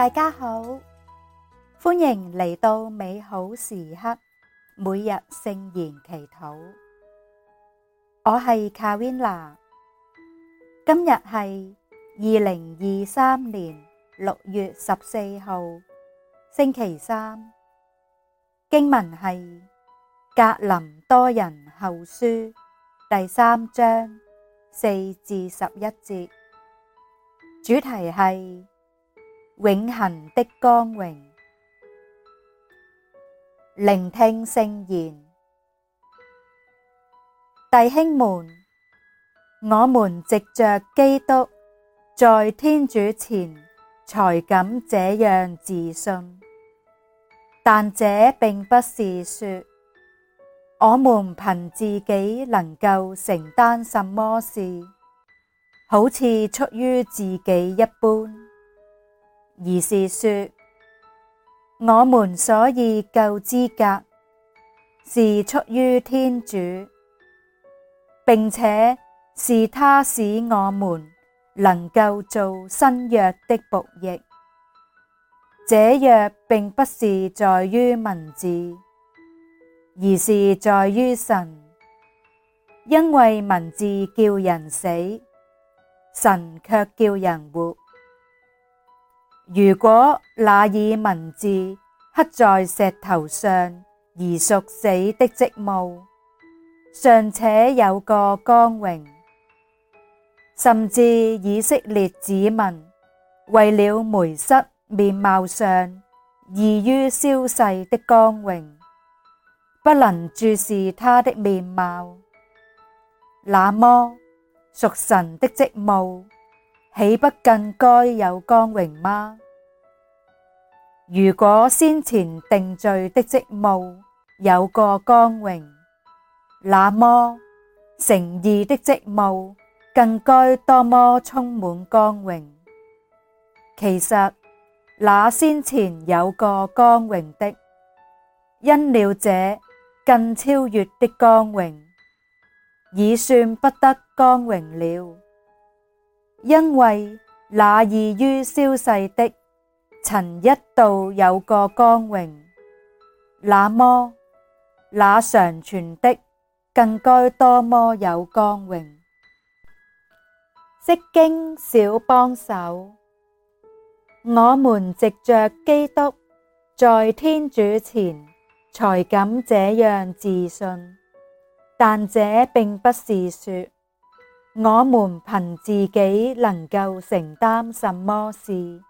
大家好，歡迎嚟到美好時刻，每日聖言祈禱。我係卡維娜，今日係二零二三年六月十四號，星期三。經文係《格林多人後書》第三章四至十一節，主題係，永恆的光榮。聆聽聖言。弟兄們，我們藉着基督在天主前才敢這樣自信，但這並不是說，我們憑自己能夠承擔什麼事，好似出於自己一般。而是說，我們所以夠資格，是出於天主，並且是他使我們能夠做新約的僕役。這約並不是在於文字，而是在於神，因為文字叫人死，神卻叫人活。如果那以文字刻在石頭上而屬死的職務，尚且有過光榮；甚至以色列子民為了梅瑟面貌上易於消逝的光榮，不能注視他的面貌，那麼屬神的職務，豈不更該有光榮嗎？如果先前定罪的職務有過光榮，那麼成義的職務更該多麼充滿光榮？其實那先前有過光榮的，因了這更超越的光榮，已算不得光榮了。因為那易於消逝的曾一度有過光榮，那麼那常存的更該多麼有光榮。釋經小幫手，我們藉着基督在天主前才敢這樣自信，但這並不是說。我們憑自己能夠承擔什麼事，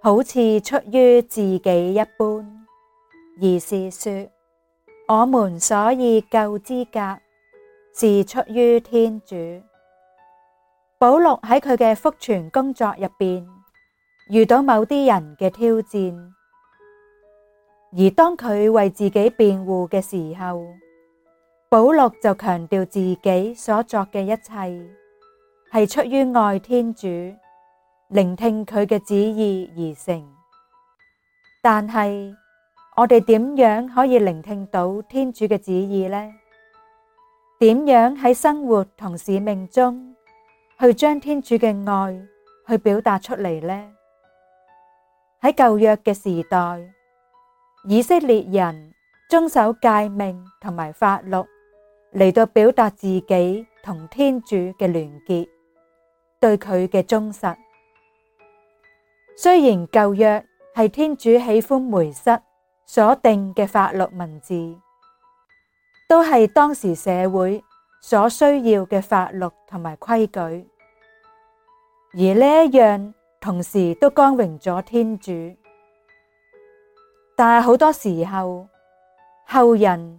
好似出於自己一般，而是說，我們所以夠資格是出於天主。保祿喺佢嘅福傳工作入邊遇到某啲人嘅挑戰，而當佢為自己辯護嘅時候。保祿就強調自己所作嘅一切係出於愛天主，聆聽佢嘅旨意而成。但係我哋點樣可以聆聽到天主嘅旨意呢？點樣喺生活同使命中去將天主嘅愛去表達出嚟呢？喺舊約嘅時代，以色列人遵守誡命同埋法律。嚟到表達自己同天主嘅聯結，對佢嘅忠實。雖然舊約係天主喜歡梅瑟所定嘅法律文字，都係當時社會所需要嘅法律同埋規矩，而呢一樣同時都光榮咗天主。但係好多時候，後人。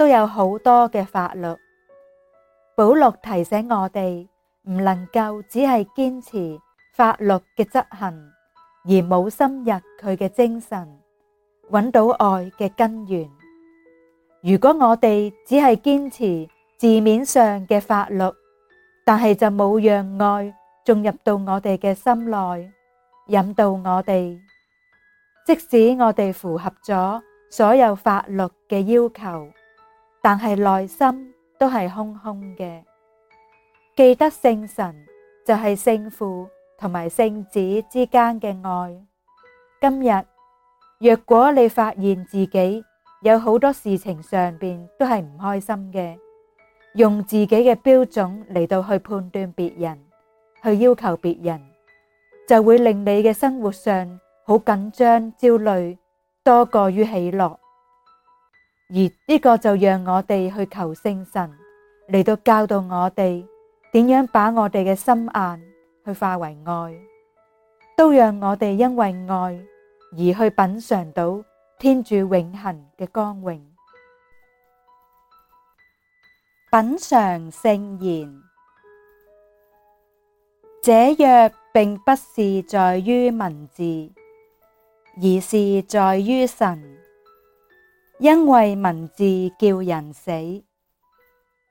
都有好多嘅法律，保祿提醒我哋唔能夠只係堅持法律嘅執行，而冇深入佢嘅精神，搵到愛嘅根源。如果我哋只係堅持字面上嘅法律，但係就冇讓愛進入到我哋嘅心內，引導我哋，即使我哋符合咗所有法律嘅要求。但係內心都係空空嘅，記得聖神就係聖父同埋聖子之間嘅愛。今日若果你發現自己有好多事情上面都係唔開心嘅，用自己嘅標準嚟到去判斷別人，去要求別人，就會令你嘅生活上好緊張、焦慮，多過於喜樂。而呢個就讓我哋去求聖神嚟到教導我哋點樣把我哋嘅心眼去化為愛，都讓我哋因為愛而去品嘗到天主永恆嘅光榮。品嘗聖言，這約並不是在於文字，而是在於神。因為文字叫人死，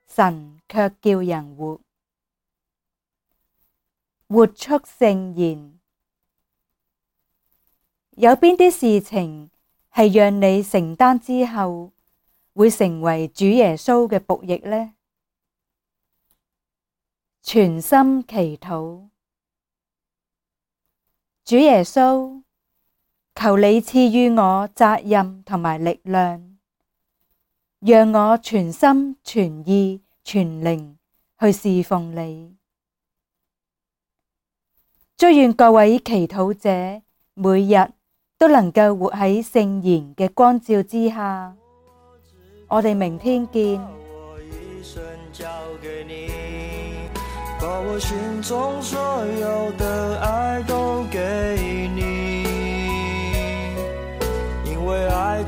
神卻叫人活。活出聖言。有邊啲事情係讓你承擔之後會成為主耶穌嘅僕役呢？全心祈禱，主耶穌。求你賜予我責任同埋力量，讓我全心全意全靈去侍奉你。祝願各位祈禱者每日都能夠活喺聖言嘅光照之下。我哋明天見。